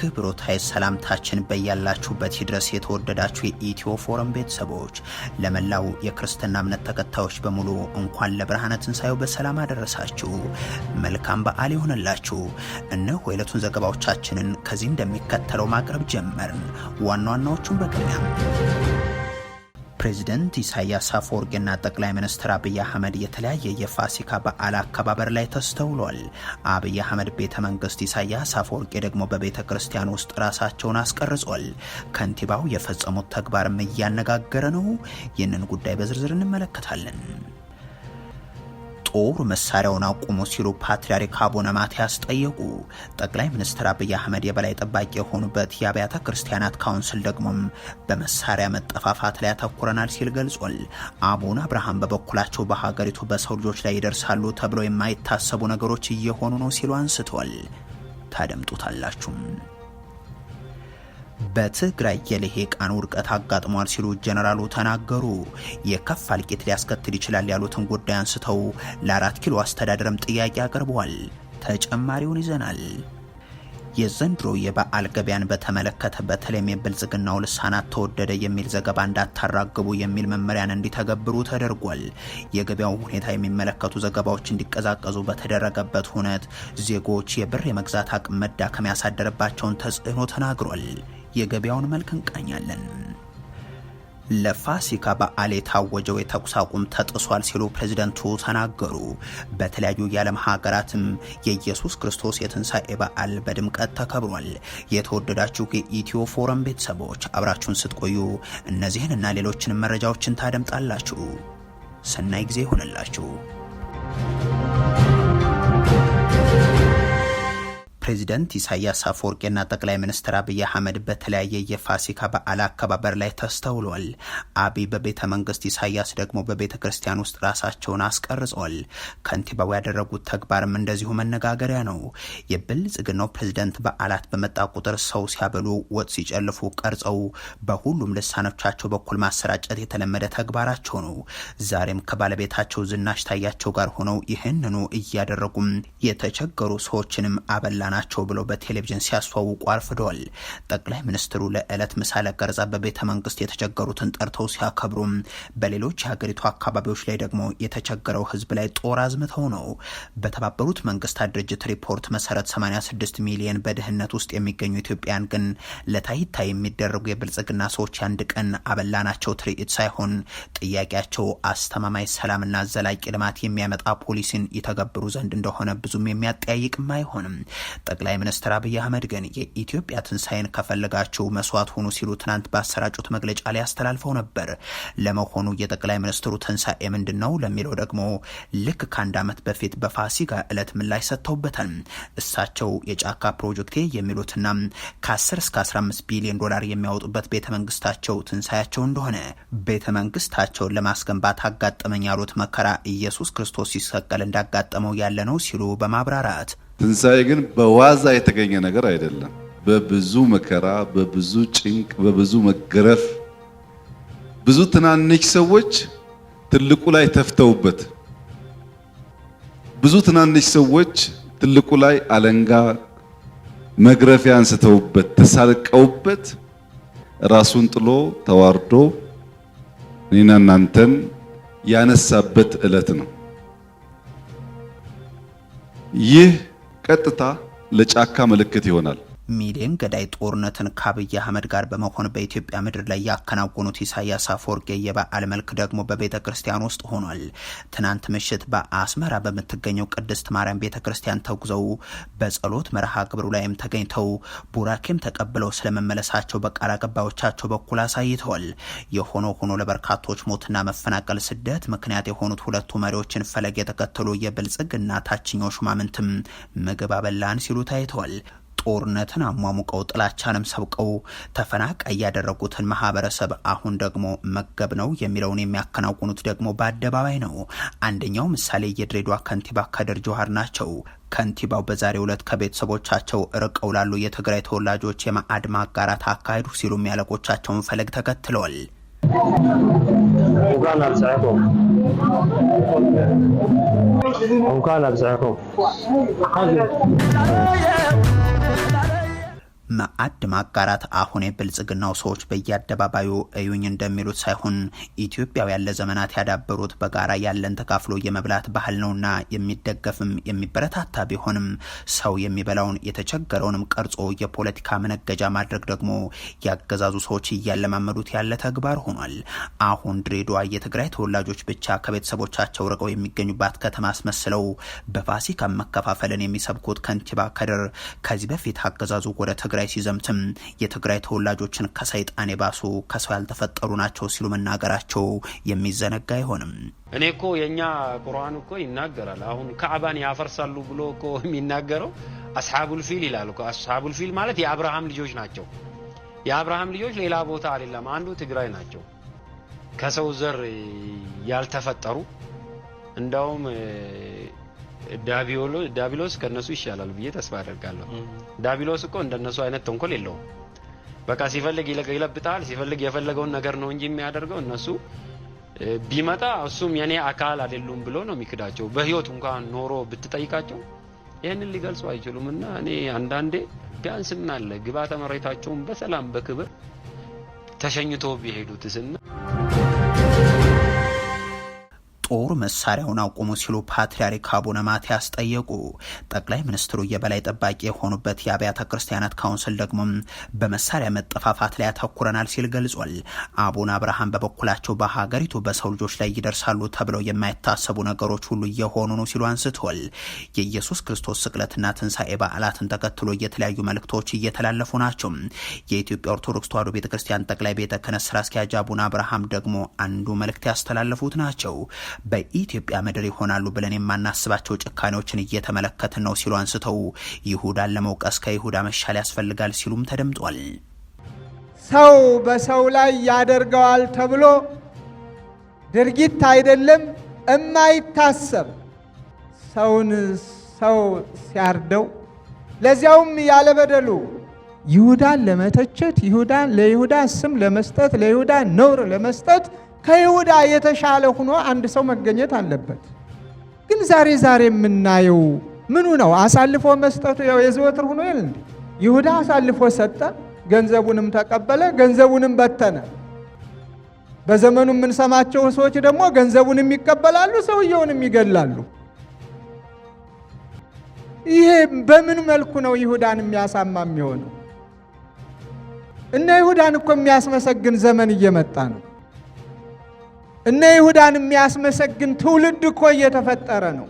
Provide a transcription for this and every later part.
አክብሮታዊ ሰላምታችን በያላችሁበት ይድረስ። የተወደዳችሁ የኢትዮ ፎረም ቤተሰቦች፣ ለመላው የክርስትና እምነት ተከታዮች በሙሉ እንኳን ለብርሃነ ትንሣኤው በሰላም አደረሳችሁ። መልካም በዓል ይሆንላችሁ። እነሆ የዕለቱን ዘገባዎቻችንን ከዚህ እንደሚከተለው ማቅረብ ጀመርን። ዋና ዋናዎቹን በቅድሚያ ፕሬዚደንት ኢሳያስ አፈወርቂና ጠቅላይ ሚኒስትር አብይ አህመድ የተለያየ የፋሲካ በዓል አከባበር ላይ ተስተውሏል። አብይ አህመድ ቤተ መንግስት፣ ኢሳያስ አፈወርቂ ደግሞ በቤተ ክርስቲያን ውስጥ ራሳቸውን አስቀርጿል። ከንቲባው የፈጸሙት ተግባርም እያነጋገረ ነው። ይህንን ጉዳይ በዝርዝር እንመለከታለን። ጦር መሳሪያውን አቁሙ ሲሉ ፓትርያርክ አቡነ ማትያስ ጠየቁ። ጠቅላይ ሚኒስትር አብይ አህመድ የበላይ ጠባቂ የሆኑበት የአብያተ ክርስቲያናት ካውንስል ደግሞም በመሳሪያ መጠፋፋት ላይ ያተኩረናል ሲል ገልጿል። አቡነ አብርሃም በበኩላቸው በሀገሪቱ በሰው ልጆች ላይ ይደርሳሉ ተብለው የማይታሰቡ ነገሮች እየሆኑ ነው ሲሉ አንስተዋል። ታደምጡታላችሁም። በትግራይ የልሂቃን ውድቀት አጋጥሟል ሲሉ ጀነራሉ ተናገሩ። የከፋ እልቂት ሊያስከትል ይችላል ያሉትን ጉዳይ አንስተው ለአራት ኪሎ አስተዳደርም ጥያቄ አቅርበዋል። ተጨማሪውን ይዘናል። የዘንድሮ የበዓል ገበያን በተመለከተ በተለይም የብልጽግናው ልሳናት ተወደደ የሚል ዘገባ እንዳታራግቡ የሚል መመሪያን እንዲተገብሩ ተደርጓል። የገበያው ሁኔታ የሚመለከቱ ዘገባዎች እንዲቀዛቀዙ በተደረገበት ሁነት ዜጎች የብር የመግዛት አቅም መዳከም ያሳደረባቸውን ተጽዕኖ ተናግሯል። የገበያውን መልክ እንቃኛለን። ለፋሲካ በዓል የታወጀው የተኩስ አቁም ተጥሷል ሲሉ ፕሬዝደንቱ ተናገሩ። በተለያዩ የዓለም ሀገራትም የኢየሱስ ክርስቶስ የትንሣኤ በዓል በድምቀት ተከብሯል። የተወደዳችሁ የኢትዮ ፎረም ቤተሰቦች አብራችሁን ስትቆዩ እነዚህን ሌሎችንም መረጃዎችን ታደምጣላችሁ። ሰናይ ጊዜ ይሆንላችሁ። ፕሬዚደንት ኢሳያስ እና ጠቅላይ ሚኒስትር አብይ አህመድ በተለያየ የፋሲካ በዓል አከባበር ላይ ተስተውሏል። አብይ በቤተ መንግስት፣ ኢሳያስ ደግሞ በቤተ ክርስቲያን ውስጥ ራሳቸውን አስቀርጿል። ከንቲባው ያደረጉት ተግባርም እንደዚሁ መነጋገሪያ ነው። የብልጽግናው ፕሬዚደንት በዓላት በመጣ ቁጥር ሰው ሲያበሉ፣ ወጥ ሲጨልፉ ቀርጸው በሁሉም ልሳኖቻቸው በኩል ማሰራጨት የተለመደ ተግባራቸው ነው። ዛሬም ከባለቤታቸው ዝናሽ ታያቸው ጋር ሆነው ይህንኑ እያደረጉም የተቸገሩ ሰዎችንም አበላ ናቸው ብለው በቴሌቪዥን ሲያስተዋውቁ አርፍደዋል። ጠቅላይ ሚኒስትሩ ለዕለት ምሳ ለገርዛ በቤተ መንግስት የተቸገሩትን ጠርተው ሲያከብሩም፣ በሌሎች የሀገሪቱ አካባቢዎች ላይ ደግሞ የተቸገረው ህዝብ ላይ ጦር አዝምተው ነው። በተባበሩት መንግስታት ድርጅት ሪፖርት መሰረት 86 ሚሊየን በድህነት ውስጥ የሚገኙ ኢትዮጵያን ግን ለታይታ የሚደረጉ የብልጽግና ሰዎች አንድ ቀን አበላናቸው ትርኢት ሳይሆን ጥያቄያቸው አስተማማኝ ሰላምና ዘላቂ ልማት የሚያመጣ ፖሊሲን ይተገብሩ ዘንድ እንደሆነ ብዙም የሚያጠያይቅም አይሆንም። ጠቅላይ ሚኒስትር አብይ አህመድ ግን የኢትዮጵያ ትንሣኤን ከፈለጋችሁ መስዋዕት ሆኑ ሲሉ ትናንት ባሰራጩት መግለጫ ላይ አስተላልፈው ነበር። ለመሆኑ የጠቅላይ ሚኒስትሩ ትንሣኤ ምንድን ነው ለሚለው ደግሞ ልክ ከአንድ ዓመት በፊት በፋሲካ ዕለት ምላሽ ሰጥተውበታል። እሳቸው የጫካ ፕሮጀክቴ የሚሉትና ከ10 እስከ 15 ቢሊዮን ዶላር የሚያወጡበት ቤተ መንግስታቸው ትንሣኤያቸው እንደሆነ ቤተ መንግስታቸውን ለማስገንባት አጋጠመኝ ያሉት መከራ ኢየሱስ ክርስቶስ ሲሰቀል እንዳጋጠመው ያለ ነው ሲሉ በማብራራት ትንሣኤ ግን በዋዛ የተገኘ ነገር አይደለም። በብዙ መከራ፣ በብዙ ጭንቅ፣ በብዙ መገረፍ ብዙ ትናንሽ ሰዎች ትልቁ ላይ ተፍተውበት፣ ብዙ ትናንሽ ሰዎች ትልቁ ላይ አለንጋ መግረፊያ አንስተውበት ተሳልቀውበት ራሱን ጥሎ ተዋርዶ እኔና እናንተን ያነሳበት ዕለት ነው ይህ ቀጥታ ለጫካ ምልክት ይሆናል። ሚሊዮን ገዳይ ጦርነትን ከአብይ አህመድ ጋር በመሆን በኢትዮጵያ ምድር ላይ ያከናወኑት ኢሳያስ አፈወርቂ የበዓል መልክ ደግሞ በቤተ ክርስቲያን ውስጥ ሆኗል። ትናንት ምሽት በአስመራ በምትገኘው ቅድስት ማርያም ቤተ ክርስቲያን ተጉዘው በጸሎት መርሃ ግብሩ ላይም ተገኝተው ቡራኬም ተቀብለው ስለመመለሳቸው በቃል አቀባዮቻቸው በኩል አሳይተዋል። የሆነ ሆኖ ለበርካቶች ሞትና መፈናቀል፣ ስደት ምክንያት የሆኑት ሁለቱ መሪዎችን ፈለግ የተከተሉ የብልጽግና ታችኛው ሹማምንትም ምግብ አበላን ሲሉ ታይተዋል። ጦርነትን አሟሙቀው ጥላቻንም ሰብቀው ተፈናቃይ ያደረጉትን ማህበረሰብ አሁን ደግሞ መገብ ነው የሚለውን የሚያከናውኑት ደግሞ በአደባባይ ነው። አንደኛው ምሳሌ የድሬዷ ከንቲባ ከድር ጆሃር ናቸው። ከንቲባው በዛሬው ዕለት ከቤተሰቦቻቸው ርቀው ላሉ የትግራይ ተወላጆች የማዕድ ማጋራት አካሄዱ ሲሉም ያለቆቻቸውን ፈለግ ተከትለዋል። እንኳን አብጽሐኩም እንኳን አብጽሐኩም ማዕድ ማጋራት አሁን የብልጽግናው ሰዎች በየአደባባዩ እዩኝ እንደሚሉት ሳይሆን ኢትዮጵያውያን ለዘመናት ያዳበሩት በጋራ ያለን ተካፍሎ የመብላት ባህል ነውና የሚደገፍም የሚበረታታ ቢሆንም ሰው የሚበላውን የተቸገረውንም ቀርጾ የፖለቲካ መነገጃ ማድረግ ደግሞ ያገዛዙ ሰዎች እያለማመዱት ያለ ተግባር ሆኗል። አሁን ድሬዳዋ የትግራይ ተወላጆች ብቻ ከቤተሰቦቻቸው ርቀው የሚገኙባት ከተማ አስመስለው በፋሲካ መከፋፈልን የሚሰብኩት ከንቲባ ከድር ከዚህ በፊት አገዛዙ ወደ ትግራይ ትግራይ ሲዘምትም የትግራይ ተወላጆችን ከሰይጣን የባሱ ከሰው ያልተፈጠሩ ናቸው ሲሉ መናገራቸው የሚዘነጋ አይሆንም። እኔ እኮ የእኛ ቁርአን እኮ ይናገራል። አሁን ካዕባን ያፈርሳሉ ብሎ እኮ የሚናገረው አስሓቡል ፊል ይላል አስሓቡል ፊል ማለት የአብርሃም ልጆች ናቸው። የአብርሃም ልጆች ሌላ ቦታ አይደለም፣ አንዱ ትግራይ ናቸው። ከሰው ዘር ያልተፈጠሩ እንደውም ዳቢሎስ ከነሱ ይሻላል ብዬ ተስፋ አደርጋለሁ። ዳቢሎስ እኮ እንደነሱ አይነት ተንኮል የለውም። በቃ ሲፈልግ ይለብጣል። ሲፈልግ የፈለገውን ነገር ነው እንጂ የሚያደርገው እነሱ ቢመጣ እሱም የኔ አካል አይደሉም ብሎ ነው የሚክዳቸው። በህይወት እንኳን ኖሮ ብትጠይቃቸው ይህንን ሊገልጹ አይችሉም። እና እኔ አንዳንዴ ቢያንስ ምን አለ መሬታቸውን በሰላም በክብር ተሸኝቶ ቢሄዱትስና ጦር መሳሪያውን አቁሙ ሲሉ ፓትርያርክ አቡነ ማትያስ ጠየቁ። ጠቅላይ ሚኒስትሩ የበላይ ጠባቂ የሆኑበት የአብያተ ክርስቲያናት ካውንስል ደግሞ በመሳሪያ መጠፋፋት ላይ ያተኩረናል ሲል ገልጿል። አቡነ አብርሃም በበኩላቸው በሀገሪቱ በሰው ልጆች ላይ ይደርሳሉ ተብለው የማይታሰቡ ነገሮች ሁሉ እየሆኑ ነው ሲሉ አንስተዋል። የኢየሱስ ክርስቶስ ስቅለትና ትንሣኤ በዓላትን ተከትሎ የተለያዩ መልእክቶች እየተላለፉ ናቸው። የኢትዮጵያ ኦርቶዶክስ ተዋሕዶ ቤተክርስቲያን ጠቅላይ ቤተ ክህነት ስራ አስኪያጅ አቡነ አብርሃም ደግሞ አንዱ መልእክት ያስተላለፉት ናቸው። በኢትዮጵያ ምድር ይሆናሉ ብለን የማናስባቸው ጭካኔዎችን እየተመለከትን ነው ሲሉ አንስተው ይሁዳን ለመውቀስ ከይሁዳ መሻል ያስፈልጋል ሲሉም ተደምጧል። ሰው በሰው ላይ ያደርገዋል ተብሎ ድርጊት አይደለም እማይታሰብ ሰውን ሰው ሲያርደው ለዚያውም ያለበደሉ ይሁዳን ለመተቸት ይሁዳን ለይሁዳ ስም ለመስጠት ለይሁዳ ነውር ለመስጠት ከይሁዳ የተሻለ ሆኖ አንድ ሰው መገኘት አለበት። ግን ዛሬ ዛሬ የምናየው ምኑ ነው? አሳልፎ መስጠቱ ያው የዘወትር ሆኖ የለ እንዴ? ይሁዳ አሳልፎ ሰጠ፣ ገንዘቡንም ተቀበለ፣ ገንዘቡንም በተነ። በዘመኑ የምንሰማቸው ሰዎች ደግሞ ገንዘቡንም ይቀበላሉ፣ ሰውየውንም ይገላሉ። ይሄ በምን መልኩ ነው ይሁዳን የሚያሳማ የሚሆነው? እነ ይሁዳን እኮ የሚያስመሰግን ዘመን እየመጣ ነው። እነ ይሁዳን የሚያስመሰግን ትውልድ እኮ እየተፈጠረ ነው።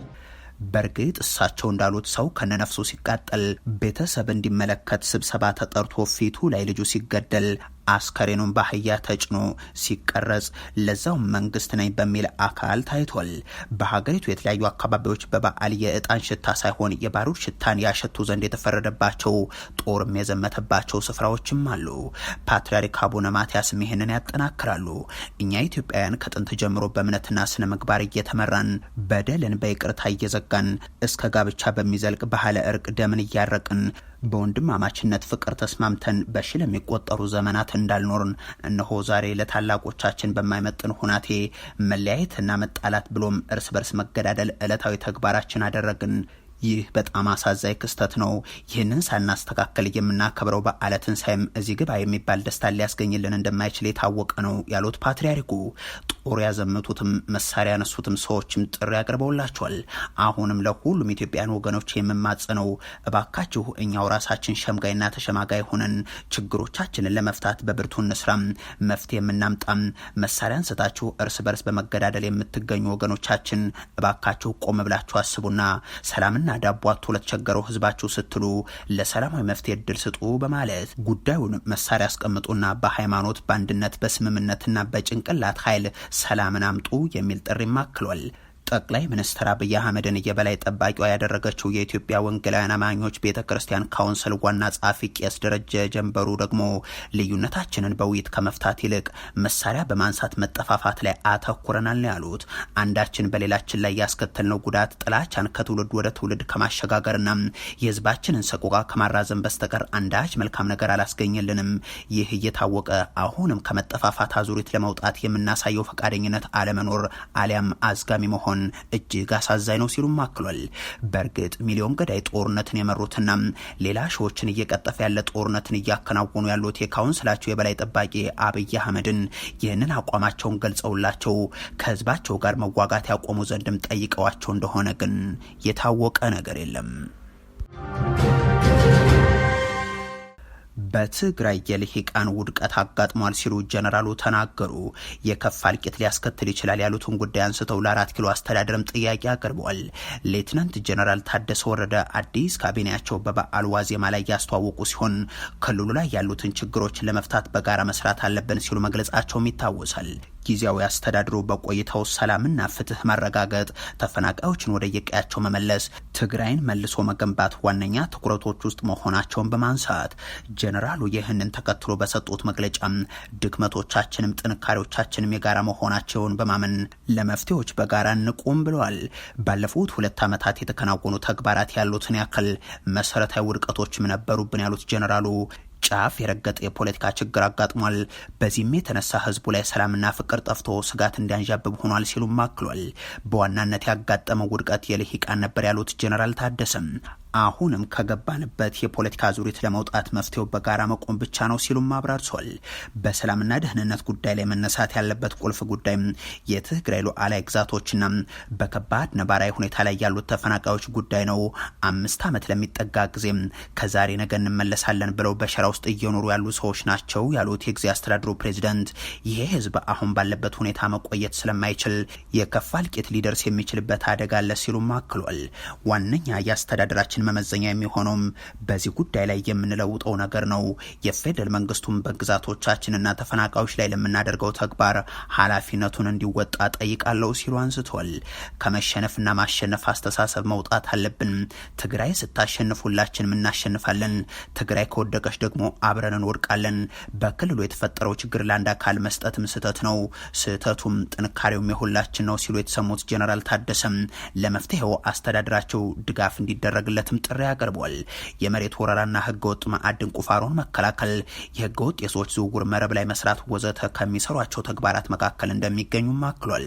በእርግጥ እሳቸው እንዳሉት ሰው ከነነፍሱ ሲቃጠል ቤተሰብ እንዲመለከት ስብሰባ ተጠርቶ ፊቱ ላይ ልጁ ሲገደል አስከሬኑን በአህያ ተጭኖ ሲቀረጽ ለዛው መንግስት ነኝ በሚል አካል ታይቷል። በሀገሪቱ የተለያዩ አካባቢዎች በበዓል የእጣን ሽታ ሳይሆን የባሩድ ሽታን ያሸቱ ዘንድ የተፈረደባቸው ጦርም የዘመተባቸው ስፍራዎችም አሉ። ፓትርያርክ አቡነ ማትያስም ይህንን ያጠናክራሉ። እኛ ኢትዮጵያውያን ከጥንት ጀምሮ በእምነትና ስነ ምግባር እየተመራን በደልን በይቅርታ እየዘጋን እስከ ጋብቻ በሚዘልቅ ባህለ እርቅ ደምን እያረቅን በወንድማማችነት ፍቅር ተስማምተን በሺ ለሚቆጠሩ ዘመናት እንዳልኖርን እነሆ ዛሬ ለታላቆቻችን በማይመጥን ሁናቴ መለያየትና መጣላት ብሎም እርስ በርስ መገዳደል ዕለታዊ ተግባራችን አደረግን። ይህ በጣም አሳዛኝ ክስተት ነው። ይህንን ሳናስተካከል የምናከብረው በዓለ ትንሳኤም እዚህ ግባ የሚባል ደስታ ሊያስገኝልን እንደማይችል የታወቀ ነው ያሉት ፓትርያርኩ ጦር ያዘመቱትም መሳሪያ ያነሱትም ሰዎችም ጥሪ አቅርበውላቸዋል። አሁንም ለሁሉም ኢትዮጵያን ወገኖች ነው፣ እባካችሁ እኛው ራሳችን ሸምጋይና ተሸማጋይ ሆነን ችግሮቻችንን ለመፍታት በብርቱ እንስራም፣ መፍትሄ የምናምጣም። መሳሪያ አንስታችሁ እርስ በርስ በመገዳደል የምትገኙ ወገኖቻችን እባካችሁ ቆም ብላችሁ አስቡና ሰላምና ቡናና ዳቦ አጥቶ ለተቸገረው ህዝባችሁ ስትሉ ለሰላማዊ መፍትሄ እድል ስጡ በማለት ጉዳዩን መሳሪያ አስቀምጡና በሃይማኖት በአንድነት በስምምነትና በጭንቅላት ኃይል ሰላምን አምጡ የሚል ጥሪ ማክሏል። ጠቅላይ ሚኒስትር አብይ አህመድን የበላይ ጠባቂዋ ያደረገችው የኢትዮጵያ ወንጌላውያን አማኞች ቤተ ክርስቲያን ካውንስል ዋና ጸሐፊ ቄስ ደረጀ ጀንበሩ ደግሞ ልዩነታችንን በውይይት ከመፍታት ይልቅ መሳሪያ በማንሳት መጠፋፋት ላይ አተኩረናል ያሉት አንዳችን በሌላችን ላይ ያስከተልነው ጉዳት ጥላቻን ከትውልድ ወደ ትውልድ ከማሸጋገርና የህዝባችንን ሰቆቃ ከማራዘም በስተቀር አንዳች መልካም ነገር አላስገኘልንም። ይህ እየታወቀ አሁንም ከመጠፋፋት አዙሪት ለመውጣት የምናሳየው ፈቃደኝነት አለመኖር አሊያም አዝጋሚ መሆን መሆን እጅግ አሳዛኝ ነው ሲሉም አክሏል። በእርግጥ ሚሊዮን ገዳይ ጦርነትን የመሩትና ሌላ ሺዎችን እየቀጠፈ ያለ ጦርነትን እያከናወኑ ያሉት የካውንስላቸው የበላይ ጠባቂ አብይ አህመድን ይህንን አቋማቸውን ገልጸውላቸው ከህዝባቸው ጋር መዋጋት ያቆሙ ዘንድም ጠይቀዋቸው እንደሆነ ግን የታወቀ ነገር የለም። በትግራይ የልሂቃን ውድቀት አጋጥሟል ሲሉ ጀነራሉ ተናገሩ። የከፋ እልቂት ሊያስከትል ይችላል ያሉትን ጉዳይ አንስተው ለአራት ኪሎ አስተዳደርም ጥያቄ አቅርበዋል። ሌትናንት ጀነራል ታደሰ ወረደ አዲስ ካቢኔያቸው በበዓል ዋዜማ ላይ ያስተዋወቁ ሲሆን ክልሉ ላይ ያሉትን ችግሮች ለመፍታት በጋራ መስራት አለብን ሲሉ መግለጻቸውም ይታወሳል። ጊዜያዊ አስተዳድሮ በቆይታው ሰላምና ፍትህ ማረጋገጥ፣ ተፈናቃዮችን ወደ የቀያቸው መመለስ፣ ትግራይን መልሶ መገንባት ዋነኛ ትኩረቶች ውስጥ መሆናቸውን በማንሳት ጀኔራሉ ይህንን ተከትሎ በሰጡት መግለጫም ድክመቶቻችንም ጥንካሬዎቻችንም የጋራ መሆናቸውን በማመን ለመፍትሄዎች በጋራ እንቁም ብለዋል። ባለፉት ሁለት ዓመታት የተከናወኑ ተግባራት ያሉትን ያክል መሰረታዊ ውድቀቶችም ነበሩብን ያሉት ጀኔራሉ ጫፍ የረገጠ የፖለቲካ ችግር አጋጥሟል። በዚህም የተነሳ ህዝቡ ላይ ሰላምና ፍቅር ጠፍቶ ስጋት እንዲያንዣብብ ሆኗል ሲሉም አክሏል። በዋናነት ያጋጠመው ውድቀት የልሂቃን ነበር ያሉት ጀነራል ታደሰም አሁንም ከገባንበት የፖለቲካ ዙሪት ለመውጣት መፍትሄው በጋራ መቆም ብቻ ነው ሲሉም አብራርቷል። በሰላምና ደህንነት ጉዳይ ላይ መነሳት ያለበት ቁልፍ ጉዳይ የትግራይ ሉዓላዊ ግዛቶችና በከባድ ነባራዊ ሁኔታ ላይ ያሉት ተፈናቃዮች ጉዳይ ነው። አምስት ዓመት ለሚጠጋ ጊዜ ከዛሬ ነገ እንመለሳለን ብለው በሸራ ውስጥ እየኖሩ ያሉ ሰዎች ናቸው ያሉት የጊዜ አስተዳድሩ ፕሬዚደንት ይሄ ህዝብ አሁን ባለበት ሁኔታ መቆየት ስለማይችል የከፋ እልቂት ሊደርስ የሚችልበት አደጋ አለ ሲሉም አክሏል። ዋነኛ የአስተዳደራችን ውጤታችን መመዘኛ የሚሆነውም በዚህ ጉዳይ ላይ የምንለውጠው ነገር ነው። የፌደራል መንግስቱም በግዛቶቻችንና ተፈናቃዮች ላይ ለምናደርገው ተግባር ኃላፊነቱን እንዲወጣ ጠይቃለሁ ሲሉ አንስቷል። ከመሸነፍና ማሸነፍ አስተሳሰብ መውጣት አለብን። ትግራይ ስታሸንፍ ሁላችንም እናሸንፋለን። ትግራይ ከወደቀች ደግሞ አብረን እንወድቃለን። በክልሉ የተፈጠረው ችግር ለአንድ አካል መስጠትም ስህተት ነው። ስህተቱም ጥንካሬውም የሁላችን ነው ሲሉ የተሰሙት ጀነራል ታደሰም ለመፍትሄው አስተዳደራቸው ድጋፍ እንዲደረግለት እንዲያካትትም ጥሪ አቅርቧል። የመሬት ወረራና ህገወጥ ማዕድን ቁፋሮን መከላከል፣ የህገወጥ የሰዎች ዝውውር መረብ ላይ መስራት ወዘተ ከሚሰሯቸው ተግባራት መካከል እንደሚገኙም አክሏል።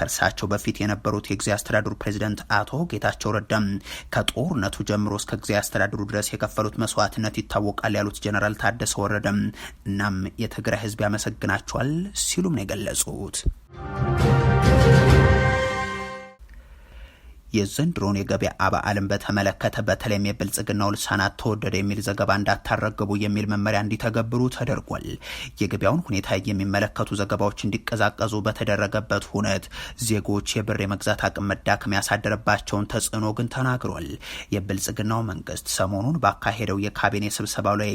ከእርሳቸው በፊት የነበሩት የጊዜ አስተዳደሩ ፕሬዚደንት አቶ ጌታቸው ረዳም ከጦርነቱ ጀምሮ እስከ ጊዜ አስተዳደሩ ድረስ የከፈሉት መስዋዕትነት ይታወቃል ያሉት ጀነራል ታደሰ ወረደም እናም የትግራይ ህዝብ ያመሰግናቸዋል ሲሉም ነው የገለጹት። የዘንድሮን የገበያ በዓልን በተመለከተ በተለይም የብልጽግናው ልሳናት ተወደደ የሚል ዘገባ እንዳታረግቡ የሚል መመሪያ እንዲተገብሩ ተደርጓል። የገበያውን ሁኔታ የሚመለከቱ ዘገባዎች እንዲቀዛቀዙ በተደረገበት ሁነት ዜጎች የብር የመግዛት አቅም መዳከም ያሳደረባቸውን ተጽዕኖ ግን ተናግሯል። የብልጽግናው መንግስት ሰሞኑን ባካሄደው የካቢኔ ስብሰባው ላይ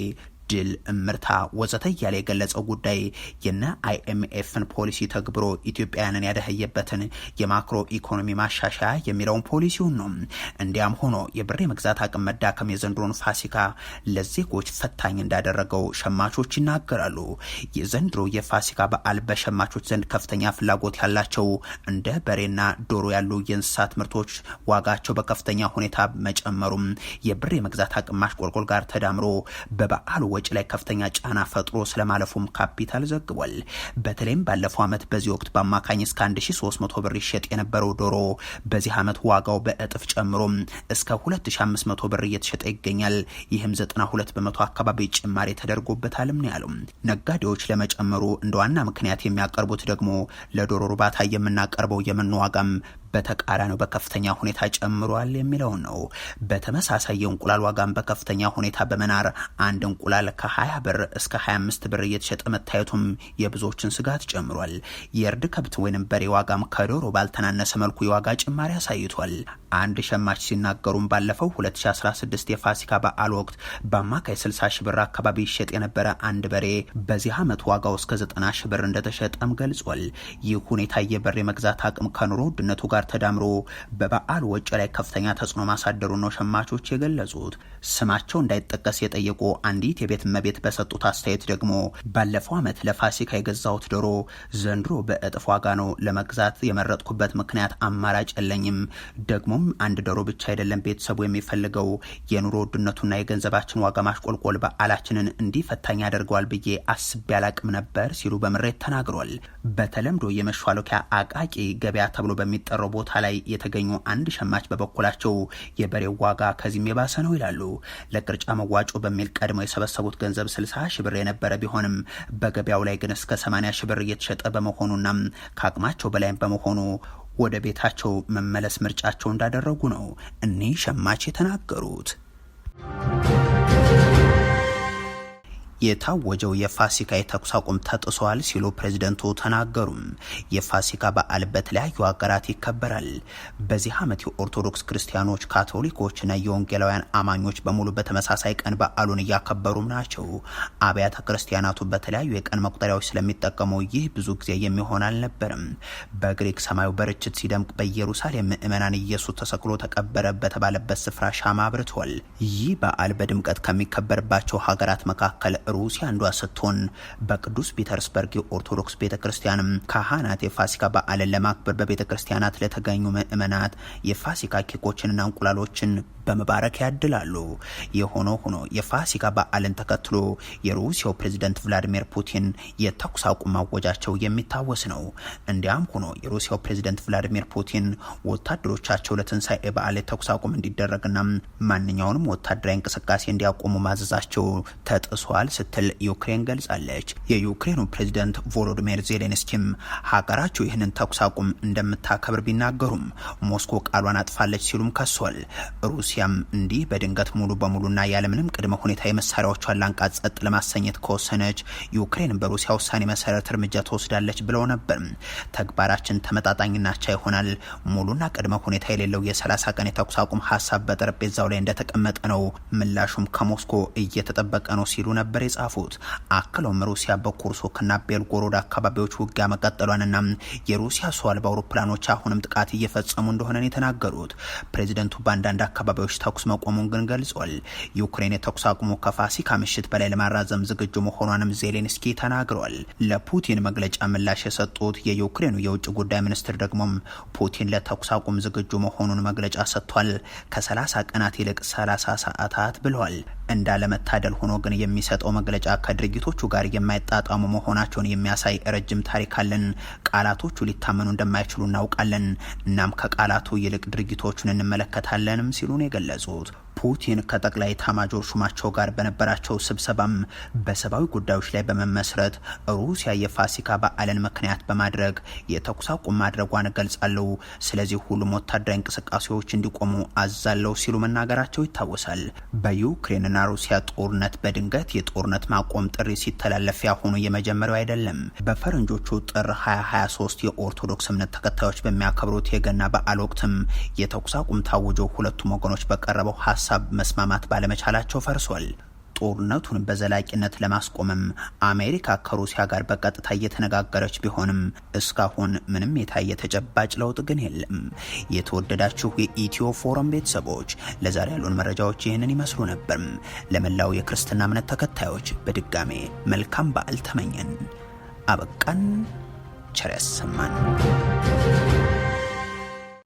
ድል፣ እምርታ ወዘተ እያለ የገለጸው ጉዳይ የነ አይኤምኤፍን ፖሊሲ ተግብሮ ኢትዮጵያውያንን ያደህየበትን የማክሮ ኢኮኖሚ ማሻሻያ የሚለውን ፖሊሲውን ነው። እንዲያም ሆኖ የብር የመግዛት አቅም መዳከም የዘንድሮን ፋሲካ ለዜጎች ፈታኝ እንዳደረገው ሸማቾች ይናገራሉ። የዘንድሮ የፋሲካ በዓል በሸማቾች ዘንድ ከፍተኛ ፍላጎት ያላቸው እንደ በሬና ዶሮ ያሉ የእንስሳት ምርቶች ዋጋቸው በከፍተኛ ሁኔታ መጨመሩም የብር የመግዛት አቅም ማሽቆልቆል ጋር ተዳምሮ በበዓሉ ወጪ ላይ ከፍተኛ ጫና ፈጥሮ ስለማለፉም ካፒታል ዘግቧል። በተለይም ባለፈው ዓመት በዚህ ወቅት በአማካኝ እስከ 1300 ብር ይሸጥ የነበረው ዶሮ በዚህ ዓመት ዋጋው በእጥፍ ጨምሮ እስከ 2500 ብር እየተሸጠ ይገኛል። ይህም 92 በመቶ አካባቢ ጭማሪ ተደርጎበታልም ነው ያለው። ነጋዴዎች ለመጨመሩ እንደ ዋና ምክንያት የሚያቀርቡት ደግሞ ለዶሮ እርባታ የምናቀርበው የመኖ ዋጋም በተቃራኒው በከፍተኛ ሁኔታ ጨምሯል የሚለውን ነው። በተመሳሳይ የእንቁላል ዋጋም በከፍተኛ ሁኔታ በመናር አንድ እንቁላል ከ20 ብር እስከ 25 ብር እየተሸጠ መታየቱም የብዙዎችን ስጋት ጨምሯል። የእርድ ከብት ወይንም በሬ ዋጋም ከዶሮ ባልተናነሰ መልኩ የዋጋ ጭማሪ አሳይቷል። አንድ ሸማች ሲናገሩም ባለፈው 2016 የፋሲካ በዓል ወቅት በአማካይ 60 ሺ ብር አካባቢ ይሸጥ የነበረ አንድ በሬ በዚህ ዓመት ዋጋው እስከ 90 ሺ ብር እንደተሸጠም ገልጿል። ይህ ሁኔታ የበሬ መግዛት አቅም ከኑሮ ውድነቱ ጋር ጋር ተዳምሮ በበዓል ወጪ ላይ ከፍተኛ ተጽዕኖ ማሳደሩ ነው ሸማቾች የገለጹት። ስማቸው እንዳይጠቀስ የጠየቁ አንዲት የቤት እመቤት በሰጡት አስተያየት ደግሞ ባለፈው ዓመት ለፋሲካ የገዛሁት ዶሮ ዘንድሮ በእጥፍ ዋጋ ነው ለመግዛት የመረጥኩበት ምክንያት አማራጭ የለኝም። ደግሞም አንድ ዶሮ ብቻ አይደለም ቤተሰቡ የሚፈልገው የኑሮ ውድነቱና የገንዘባችን ዋጋ ማሽቆልቆል በዓላችንን እንዲህ ፈታኝ ያደርገዋል ብዬ አስቤ አላቅም ነበር ሲሉ በምሬት ተናግሯል። በተለምዶ የመሿለኪያ አቃቂ ገበያ ተብሎ በሚጠራው ቦታ ላይ የተገኙ አንድ ሸማች በበኩላቸው የበሬው ዋጋ ከዚህም የባሰ ነው ይላሉ። ለቅርጫ መዋጮ በሚል ቀድመው የሰበሰቡት ገንዘብ 60 ሺ ብር የነበረ ቢሆንም በገበያው ላይ ግን እስከ 80 ሺ ብር እየተሸጠ በመሆኑና ከአቅማቸው በላይም በመሆኑ ወደ ቤታቸው መመለስ ምርጫቸው እንዳደረጉ ነው እኒህ ሸማች የተናገሩት። የታወጀው የፋሲካ የተኩስ አቁም ተጥሷል ሲሉ ፕሬዝደንቱ ተናገሩም። የፋሲካ በዓል በተለያዩ ሀገራት ይከበራል። በዚህ ዓመት የኦርቶዶክስ ክርስቲያኖች፣ ካቶሊኮችና የወንጌላውያን አማኞች በሙሉ በተመሳሳይ ቀን በዓሉን እያከበሩም ናቸው። አብያተ ክርስቲያናቱ በተለያዩ የቀን መቁጠሪያዎች ስለሚጠቀሙ ይህ ብዙ ጊዜ የሚሆን አልነበርም። በግሪክ ሰማዩ በርችት ሲደምቅ በኢየሩሳሌም ምዕመናን ኢየሱስ ተሰቅሎ ተቀበረ በተባለበት ስፍራ ሻማ አብርቷል። ይህ በዓል በድምቀት ከሚከበርባቸው ሀገራት መካከል ሩሲያ አንዷ ስትሆን በቅዱስ ፒተርስበርግ የኦርቶዶክስ ቤተ ካህናት የፋሲካ በዓልን ለማክበር በቤተ ክርስቲያናት ለተገኙ ምእመናት የፋሲካ ኬኮችንና እንቁላሎችን በመባረክ ያድላሉ። የሆነ ሆኖ የፋሲካ በዓልን ተከትሎ የሩሲያው ፕሬዝደንት ቭላዲሚር ፑቲን የተኩስ አቁም ማወጃቸው የሚታወስ ነው። እንዲያም ሆኖ የሩሲያው ፕሬዝደንት ቭላዲሚር ፑቲን ወታደሮቻቸው ለትንሣኤ በዓል የተኩስ አቁም እንዲደረግና ማንኛውንም ወታደራዊ እንቅስቃሴ እንዲያቆሙ ማዘዛቸው ተጥሷል ስትል ዩክሬን ገልጻለች። የዩክሬኑ ፕሬዚደንት ቮሎዲሚር ዜሌንስኪም ሀገራቸው ይህንን ተኩስ አቁም እንደምታከብር ቢናገሩም ሞስኮ ቃሏን አጥፋለች ሲሉም ከሷል። ሩሲያም እንዲህ በድንገት ሙሉ በሙሉና ያለምንም ቅድመ ሁኔታ የመሳሪያዎቿን ላንቃት ጸጥ ለማሰኘት ከወሰነች ዩክሬን በሩሲያ ውሳኔ መሰረት እርምጃ ትወስዳለች ብለው ነበር። ተግባራችን ተመጣጣኝና አቻ ይሆናል። ሙሉና ቅድመ ሁኔታ የሌለው የ30 ቀን የተኩስ አቁም ሀሳብ በጠረጴዛው ላይ እንደተቀመጠ ነው። ምላሹም ከሞስኮ እየተጠበቀ ነው ሲሉ ነበር ነበር የጻፉት። አክለውም ሩሲያ በኩርሶክና ቤልጎሮድ አካባቢዎች ውጊያ መቀጠሏንና የሩሲያ ሰው አልባ አውሮፕላኖች አሁንም ጥቃት እየፈጸሙ እንደሆነን የተናገሩት ፕሬዚደንቱ በአንዳንድ አካባቢዎች ተኩስ መቆሙን ግን ገልጿል። ዩክሬን የተኩስ አቁሙ ከፋሲካ ምሽት በላይ ለማራዘም ዝግጁ መሆኗንም ዜሌንስኪ ተናግሯል። ለፑቲን መግለጫ ምላሽ የሰጡት የዩክሬኑ የውጭ ጉዳይ ሚኒስትር ደግሞም ፑቲን ለተኩስ አቁም ዝግጁ መሆኑን መግለጫ ሰጥቷል። ከ30 ቀናት ይልቅ 30 ሰዓታት ብለዋል። እንዳለመታደል ሆኖ ግን የሚሰጠው መግለጫ ከድርጊቶቹ ጋር የማይጣጣሙ መሆናቸውን የሚያሳይ ረጅም ታሪክ አለን። ቃላቶቹ ሊታመኑ እንደማይችሉ እናውቃለን። እናም ከቃላቱ ይልቅ ድርጊቶቹን እንመለከታለንም ሲሉን የገለጹት። ፑቲን ከጠቅላይ ታማጆር ሹማቸው ጋር በነበራቸው ስብሰባም በሰብአዊ ጉዳዮች ላይ በመመስረት ሩሲያ የፋሲካ በዓልን ምክንያት በማድረግ የተኩስ አቁም ማድረጓን ገልጻለሁ፣ ስለዚህ ሁሉም ወታደራዊ እንቅስቃሴዎች እንዲቆሙ አዛለሁ ሲሉ መናገራቸው ይታወሳል። በዩክሬንና ሩሲያ ጦርነት በድንገት የጦርነት ማቆም ጥሪ ሲተላለፍ ያሁኑ የመጀመሪያው አይደለም። በፈረንጆቹ ጥር 2023 የኦርቶዶክስ እምነት ተከታዮች በሚያከብሩት የገና በዓል ወቅትም የተኩስ አቁም ታውጆ ሁለቱም ወገኖች በቀረበው ሀሳብ መስማማት ባለመቻላቸው ፈርሷል። ጦርነቱን በዘላቂነት ለማስቆምም አሜሪካ ከሩሲያ ጋር በቀጥታ እየተነጋገረች ቢሆንም እስካሁን ምንም የታየ ተጨባጭ ለውጥ ግን የለም። የተወደዳችሁ የኢትዮ ፎረም ቤተሰቦች ለዛሬ ያሉን መረጃዎች ይህንን ይመስሉ ነበር። ለመላው የክርስትና እምነት ተከታዮች በድጋሜ መልካም በዓል ተመኘን። አበቃን። ቸር ያሰማን።